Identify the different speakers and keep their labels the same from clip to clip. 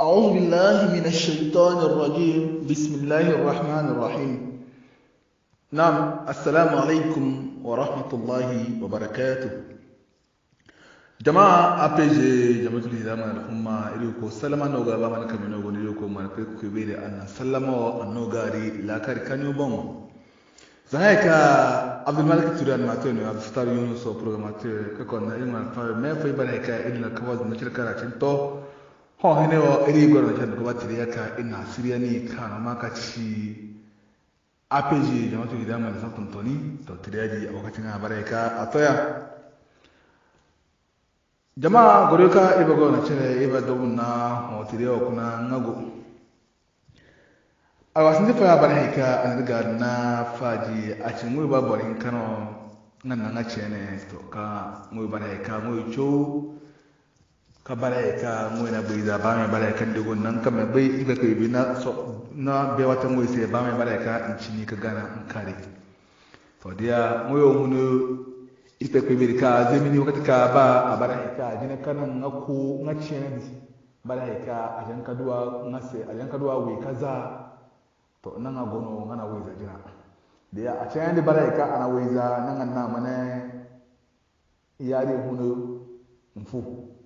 Speaker 1: أعوذ بالله من الشيطان الرجيم بسم الله الرحمن الرحيم نعم السلام عليكم ورحمة الله وبركاته جماعة أبيجي جماعة الهدامة الحمى إليكو سلما نوغا بابانا كمي نوغو نيوكو مانكيكو كبيري أن سلما ونوغاري لاكاري كانيو بومو zahayka abdulmalik turan matoni abdustar yunus o programmateur kakonna ilman fawe me foy banayka ilna kawasna cirkara cinto iri gwara henewo erigorana cyane ya ka ina siriya ni maka makaci apeji jama'atu idama da sabtun toni to ji a na habarai ka a toya jama'a gore ka iba gona cire iba domin na hotiriyawa kuna ngago a wasan jifa ya bari ka a riga na faji a cin ngwe ba nkano kano nan na ce ne to ka ngwe bari ka ngwe cho ka bara ka ngwena bai za ba mai bara kan digon nan ka bai iga kai bi na so na bai wata ngwai sai ba mai ka in cini ka gana in kare to dia moyo munu ita kai bi ka zemini wakati ka ba a bara ka jina kanan ngako ngace na bara ka a jan kaduwa ngase a jan kaduwa wai kaza to nan a gono ngana wai za jina da a can yadda bara ka ana wai za nan na mana yare hunu mfu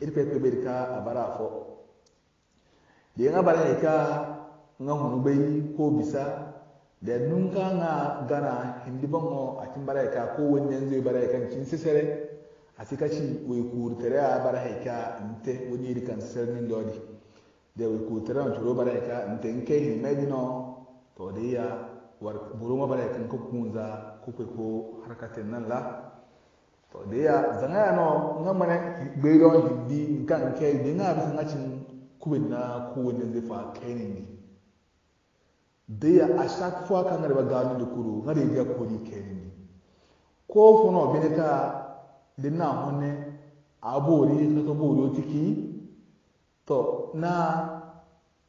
Speaker 1: irfe pe be ka bara fo ye nga bara ne ka nga hunu be ko bisa da nun ka nga gana hindi bango atin bara ka ko wani yanzu zai bara kan kin sisere asika ci wai kurtere a bara ka nte wani ri kan sisere ni lodi da wai kurtere na turo bara ka nte nke hi medino to de ya war buru ma bara kan ko kunza ko ko harkatin nan la to da ya zanga ya nawa nga mana gbairon hindi nka nke de nga bisa nga cin kuwin na kowane zai fa kai ne da ya a shaka fuwa kan garba gano da kuro nga da ya kori kai ne ko funa obinrin ka de na hannun abori ka ka bori ciki to na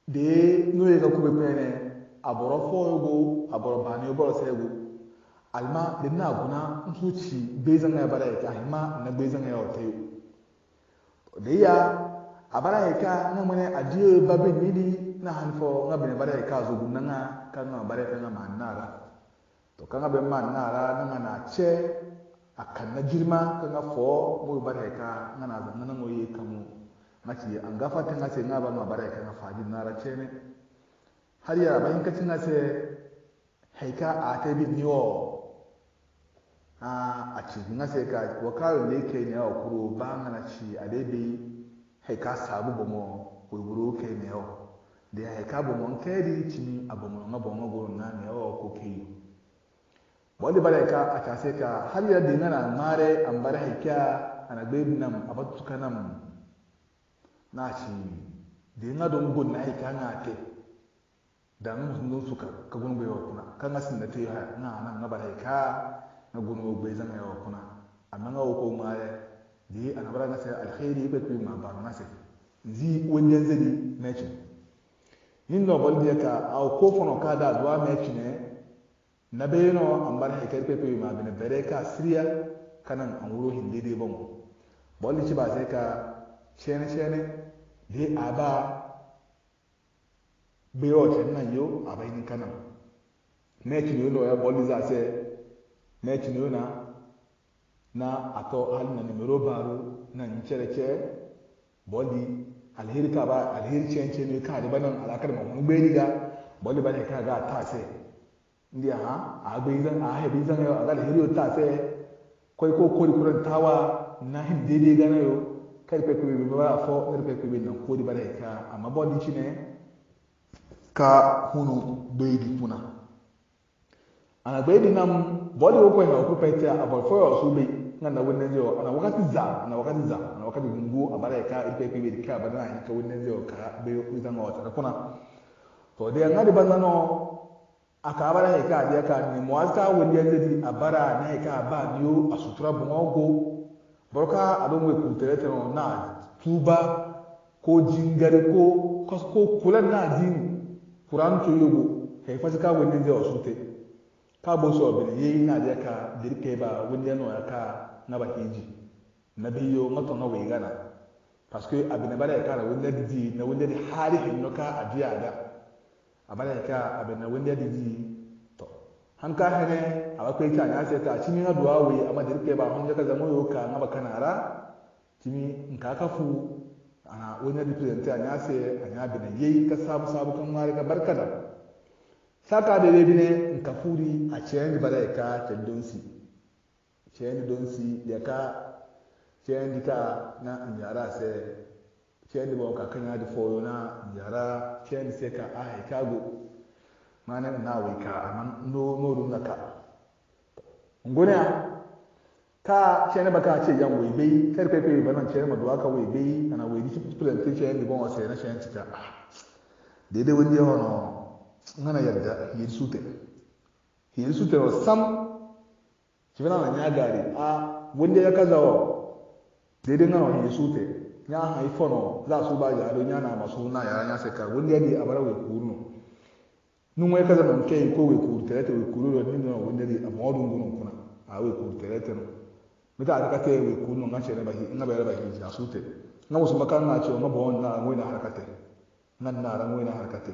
Speaker 1: da ya nuna ga kuwa kwene aboro fo yogo aboro bani oboro sai yogo alma da na guna nso ci bezan ya bara ita ahima na bezan ya wata yau da iya a bara yaka na mune adiyo babin nidi na hanfo na bene bara yaka zo gunna na kan na bara yaka nga manara to kan nga bene manara nga na a kan na girma kan nga fo mu bara yaka ka na zan nga ngoyi kamu ce an gafa na ce nga ba ma bara yaka na fajin nara ce ne har ya bayan kacin ce haika a ta bi niwo a cikin sɛ ka wɔkaro ne kenya wɔ kuro banga na kyi adebi heka saabu bɔ mɔ wɔwuro kenya wɔ deɛ heka bɔ mɔ nkɛɛri kyini ci nga a ba goro na nea ɔwɔ kɔ keyi wɔde ba heka akyase ka hali yɛ de nga na mmaare ambare heka anagbe nam abatutuka nan na ci de nga dɔn bɔ na na heka da ake dan su ka gungun bai wa kuna kan asin da ta yi ha na nan na ba heka nga gono o gbe zanga o kuna amanga o ko mare di anabara ga sai alkhairi be ku ma ba na sai zi wonde zedi mechi nin no bol dia ka au ko fono ka da dua mechi ne na be no ambar he kerpe pe ma bene bere ka siria kanan an wuro hindi de bon bol ci ba sai ka shene shene di aba be o tan nan yo abai nin kanan mechi ne lo ya bol za sai metinona na atɔ hali na nimero baro na ncerece bodi alheri ka ba alheri cence ne ka riba nan alakar ma wani gberi ga bodi ba ne ka ga ta se ndi aha a gbe izan a hebe izan yɛ a ga alheri ta se koi ko kori kuran tawa na him daidai gana yau kai kai kai ba fo kai kai kai nan kori ba ne ka amma bodi shi ne ka hunu gberi tuna anabaidina bodi a na okupatia abafoya osube na na wenezi a na wakati za na wakati za na wakati gungu ka ipepe bi ka na ka wenezi o ka be uza na wata kuna to de ngadi banna no aka abara ka ka na ka ba bio asutura bongo boroka adonwe kuterete no na tuba ko jingare ko ko kula yogo ka bo so bil ye ina de ka dirke ba wunde no ya ka na ba ji, na biyo mato na we gana parce que abin ba da ka na wunde di na wunde di harihin no ka adiya da abala ka abin na wunde di di to han ka hane a ba kai ta na sai ta cini na duwa we amma dirke ba hun ka zama yo ka na ba kana ra cini in ka kafu ana wunde di presenter na sai anya bin ye ka sabu sabu kan mari ka barkada saka da bine nka furi a ciyen bala ka ta donsi da donsi ya ka ciyen ta na sai se da ba ka kanya da foro na anyara da sai ka a ai kago mana na wai ka amma no na ka ngona ka ciyen ba ka ce yan wai bai kar kai kai banan ciyen da duwa ka wai bai ana wai di plantation da bon wasa na ciyen ta ah, daidai wani yawa no ŋana yadda yiri sute yiri sute wa sam kifina na nya gari a wende ya kaza wa dede ŋana wa yiri sute nya ha yi fono za su ba ja do nya na ma su na ya nya se ka wende ya di abara we kuru no nungu ya kaza na nke yi ko we kuru terete we kuru no nindu na wende di ama odu ngunu kuna a we kuru terete no mita a takate we kuru no nga chere ba hi nga ba yara ba hi ja sute nga musu makan na chio nga bo na ngwe na harakate nga nara ngwe na harakate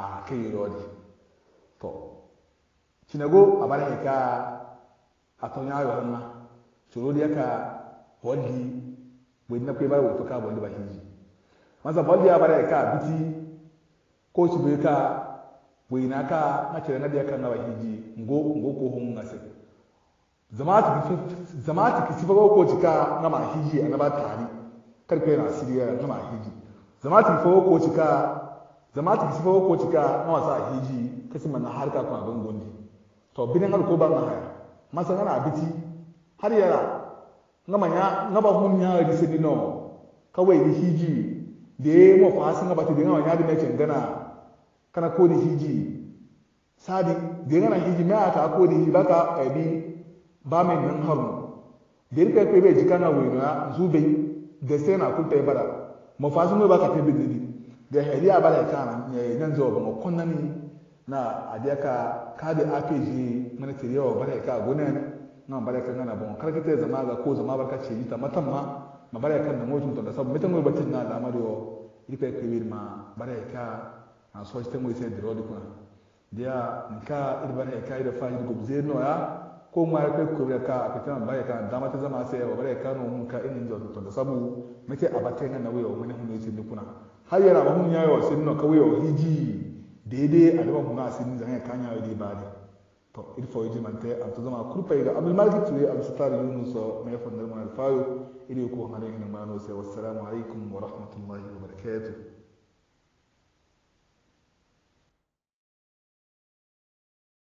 Speaker 1: a kai rodi to cinago a bara ka a ton ya yo ma suro dia ka wodi we na pe bara we to ka bo ndi ba hinji maza bodi ya bara ka biti ko su be ka wani na ka na cire na dia ka na ba hiji ngo ngo ko hun na se zamatu zamatu kisi ba ko jika na ma a na ba tari karfe na siriya na ma hinji zamatu fo ko jika zama ta kisi ko cika na wasa a hiji kasi mana harka kuma abin gondi to binin har ko ba na haya masa ngana abiti har yara ngama ya ngaba hun ya risi ni no kawai ni hiji da ya mo fa sun ngaba ti da ngama ya bi mekin gana kana ko ni hiji sadi da ngana hiji me ata ko ni baka ebi eh, ba min nan haru da rika ko be jikana wena zube da sai na kunta ibara mo fa sun ngaba ka tebe dini ga ba da kana nan zo ba makonna ni na ka kadi apg mana tiri yawa da ka ne na ba da kana bon kar kita zama ga ko zama barka ce ta matan ma ma bala kan da motun to da sabu mitan gobe batin na da ita ke kibir ma da ka na so shi ta mu sai diro dukuna dia nka da ka ida fa ni gobze no ya ko ma ya kai ya ka a fitan da ka dama ta zama sai wa da ka no mun ka inin zo to da sabu mace abatan na wuya mun ne mun yi dukuna har yana ba hun yayo sin no kawai o hiji dede a da ba hun sin zan ya kan yayo dai ba da to il fo yiji man te am to zama kurpa ga abul malik to ya am sutar yunus o me fon dar mo al fayo ili ko hanare ngi ma no se wassalamu alaikum wa rahmatullahi wa barakatuh